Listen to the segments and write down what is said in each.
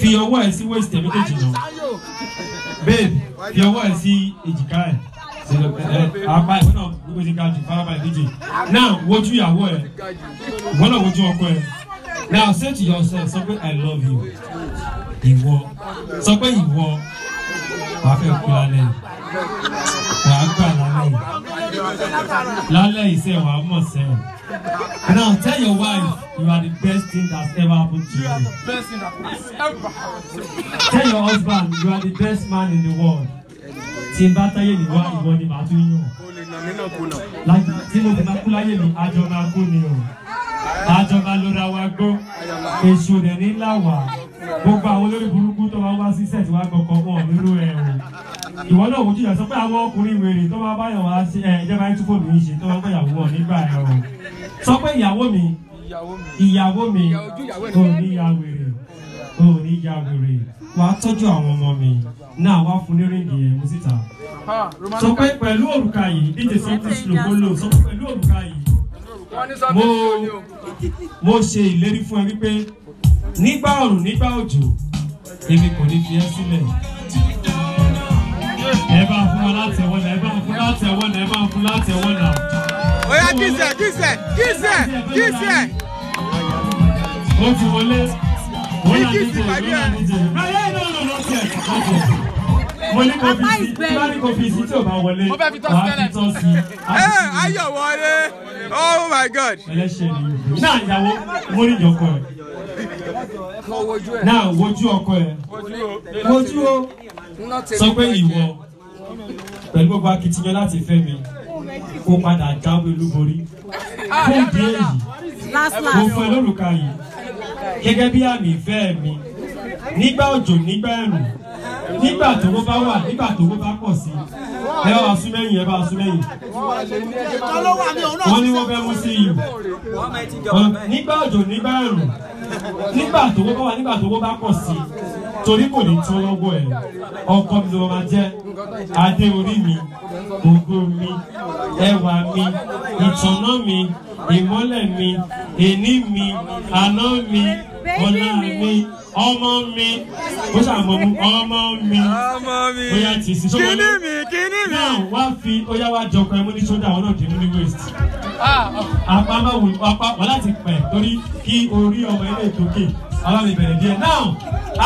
fi ọwọ́ ẹ̀ sí waist ẹ̀ méjèèjì náà babe fi ọwọ́ ẹ̀ sí èjìká ẹ̀ apá ìwé náà gbogbo ti ga jù farabalẹ̀ méjì now wojú ìyàwó ẹ̀ ìwọ náà wojú ọkọ ẹ̀ now say to yourself sọ pé i love you ìwọ sọ pé ìwọ wà á fẹ́ kú lálẹ́ wà á gbà lálẹ́ lálẹ́ ìṣe wà á mọ̀ sẹ́yìn. Now tell your wife you are the best thing that's ever happened to you. You are the best thing that's ever happened Tell your husband you are the best man in the world. Tí n bá táyé mi wá ni màá tún yàn. Láti tí mo fi máa kú láyé mi, ni o. Àjọ máa lọ́ra wa gbó. Èso rẹ̀ ní ńlá wà. Gbogbo àwọn olórí burúkú tó máa wá sí sẹ́ẹ̀tì wa gbọ̀ngàn wọn nínú e o. Ìwọ náà wojú yà sọ pé àwọn ọkùnrin wèrè tó wa si wá sí ẹ̀ ìjọba ẹ̀ tún fòmí ṣe tó máa gbẹ̀yàwó wọn nígbà ẹ̀ o sọ pé ìyàwó mi ìyàwó mi ò ní ya wèrè ò ní ya wèrè wàá tọ́jú àwọn ọmọ mi náà wàá fún ní ríngì yẹn mú síta sọ pé pẹ̀lú òrùka yìí díje something slow kó lò sọ pé pẹ̀lú òrùka yìí mo mo ṣe ìlérí fún ẹ wípé nígbà ọ̀rùn nígbà òjò èmi kò ní fi ẹ́ sílẹ̀ ẹ bá fún wa láti ẹwọ́ náà ẹ bá fún láti ẹwọ́ náà ẹ bá fún láti ẹwọ́ náà kíṣẹ̀ kíṣẹ̀ kíṣẹ̀ kíṣẹ̀. ayọ̀ wọlé oh my god. náà ìyàwó mo ní ìjọkọ ẹ̀ náà wojú ọkọ ẹ̀ wojú o sọ pé ìwọ pẹ̀lú gbogbo akitiyan láti fẹ́ mi kó padà jáwé olúborí ah, fún ìdí èyí mo fún ẹ lórúkà yìí gẹ́gẹ́ bí àmì ìfẹ́ mi nígbà òjò nígbà ẹ̀rùn nígbà tówó bá wà nígbà tówó bá pọ̀ sí ẹ bá wa mẹ́yìn ẹ bá wa mẹ́yìn wọ́n ní wọ́n fẹ́ mú sí iyọ̀ nígbà òjò nígbà ẹ̀rùn nígbà tó wọ́n bá wà nígbà tó wọ́n bá pọ̀ sí torí kò ní tún lọ́wọ́ ẹ̀ ọkọ mi ló máa jẹ́ adé orí mi ògo mi ẹwà mi ìtọ́nà mi ìmọ́lẹ̀ mi ẹni mi àná mi ọlá mi ọmọ mi ó ṣàmọ mú ọmọ mi bóyá ti sí sọ wọn náà wá fi óyá wá jọkọ ẹmú ní sódà ọ̀nà dìmú ní west ah, ah. apá máa wù apá wà láti pẹ̀ torí kí orí ọmọ ilé ìtókè alámi bẹ̀rẹ̀ díẹ̀ now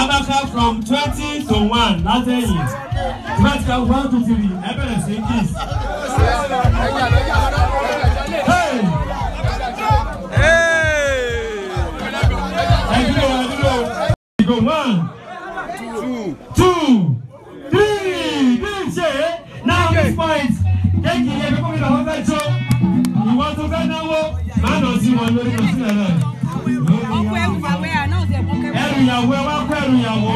abaka from twenty to one látẹ̀yìn twenty to one to three ẹ bẹ̀rẹ̀ sí kiss. go one, two, two, three. DJ. now this point kéèkì yẹn kókó coming to fẹ́ jó show. You want to go now, oh? man? Don't see one, don't see another. ẹrù ìyàwó ẹ náà ṣe kókó. ẹrù ìyàwó ẹ wá kó ẹrù ìyàwó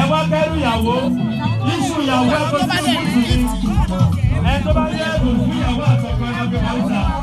ẹ wá kó ẹrù ìyàwó iṣu ìyàwó ẹ tó tó tó tó yìí ẹ tó bá yẹ ẹrù fún ìyàwó àtọkọ ẹ lọ bí wọn ta.